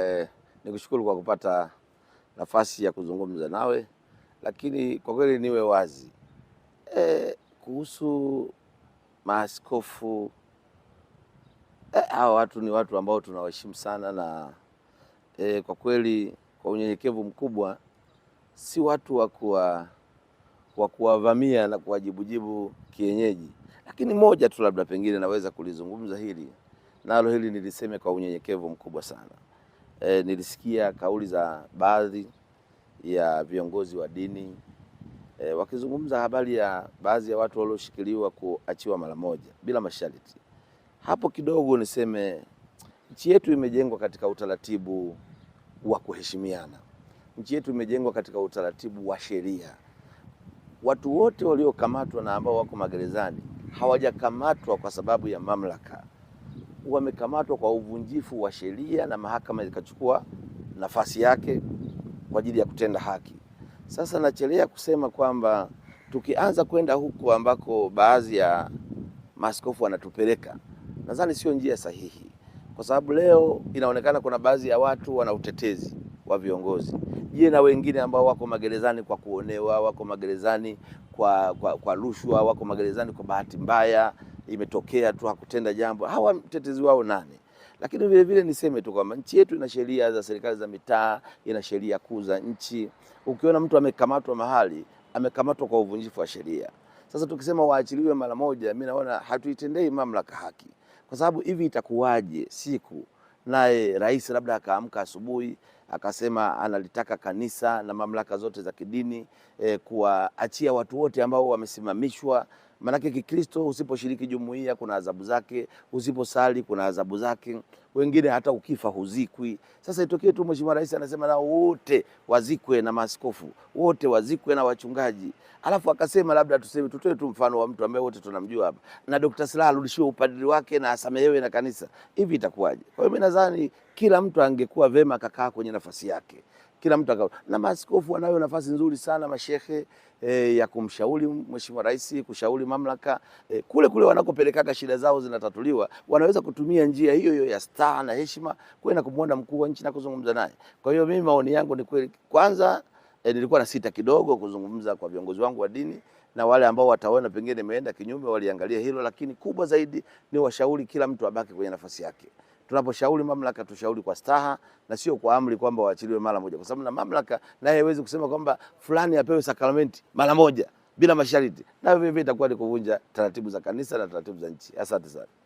Eh, nikushukuru kwa kupata nafasi ya kuzungumza nawe, lakini kwa kweli niwe wazi eh, kuhusu maaskofu eh, hawa watu ni watu ambao tunawaheshimu sana na eh, kwa kweli kwa unyenyekevu mkubwa si watu wa kuwavamia na kuwajibujibu kienyeji, lakini moja tu labda pengine naweza kulizungumza hili nalo, hili niliseme kwa unyenyekevu mkubwa sana e, nilisikia kauli za baadhi ya viongozi wa dini e, wakizungumza habari ya baadhi ya watu walioshikiliwa kuachiwa mara moja bila masharti. Hapo kidogo niseme nchi yetu imejengwa katika utaratibu wa kuheshimiana. Nchi yetu imejengwa katika utaratibu wa sheria. Watu wote waliokamatwa na ambao wako magerezani hawajakamatwa kwa sababu ya mamlaka wamekamatwa kwa uvunjifu wa sheria na mahakama zikachukua nafasi yake kwa ajili ya kutenda haki. Sasa nachelea kusema kwamba tukianza kwenda huku ambako baadhi ya maaskofu wanatupeleka, nadhani sio njia sahihi, kwa sababu leo inaonekana kuna baadhi ya watu wana utetezi wa viongozi. Je, na wengine ambao wako magerezani kwa kuonewa, wako magerezani kwa, kwa, kwa rushwa, wako magerezani kwa bahati mbaya imetokea tu, hakutenda jambo. Hawa mtetezi wao nani? Lakini vile vile niseme tu kwamba nchi yetu ina sheria za serikali za mitaa, ina sheria kuu za nchi. Ukiona mtu amekamatwa mahali, amekamatwa kwa uvunjifu wa sheria. Sasa tukisema waachiliwe mara moja, mimi naona hatuitendei mamlaka haki, kwa sababu hivi itakuwaje siku naye rais labda akaamka asubuhi akasema analitaka kanisa na mamlaka zote za kidini e, kuwaachia watu wote ambao wamesimamishwa Maanake Kikristo, usiposhiriki jumuiya kuna adhabu zake, usiposali kuna adhabu zake, wengine hata ukifa huzikwi. Sasa itokee tu Mheshimiwa Rais anasema na wote wazikwe na maaskofu wote wazikwe na wachungaji, alafu akasema labda tuseme, tutoe tu mfano wa mtu ambaye wote tunamjua hapa, na Dr. Slaa arudishiwe upadiri wake na asamehewe na kanisa, hivi itakuwaje? Kwa hiyo mimi nadhani kila mtu angekuwa vema akakaa kwenye nafasi yake kila mtu akao. Na maaskofu wanayo nafasi nzuri sana mashehe e, ya kumshauri mheshimiwa rais, kushauri mamlaka e, kule kule wanakopelekaka shida zao zinatatuliwa, wanaweza kutumia njia hiyo hiyo ya staa na heshima kwenda kumuona mkuu wa nchi na kuzungumza naye. Kwa hiyo mimi maoni yangu ni kweli, kwanza e, nilikuwa na sita kidogo kuzungumza kwa viongozi wangu wa dini na wale ambao wataona pengine imeenda kinyume waliangalia hilo, lakini kubwa zaidi ni washauri kila mtu abaki kwenye nafasi yake tunaposhauri mamlaka tushauri kwa staha na sio kwa amri kwamba waachiliwe mara moja, kwa sababu na mamlaka naye haiwezi kusema kwamba fulani apewe sakramenti mara moja bila mashariti, na vivyo hivyo itakuwa ni kuvunja taratibu za kanisa na taratibu za nchi. Asante sana.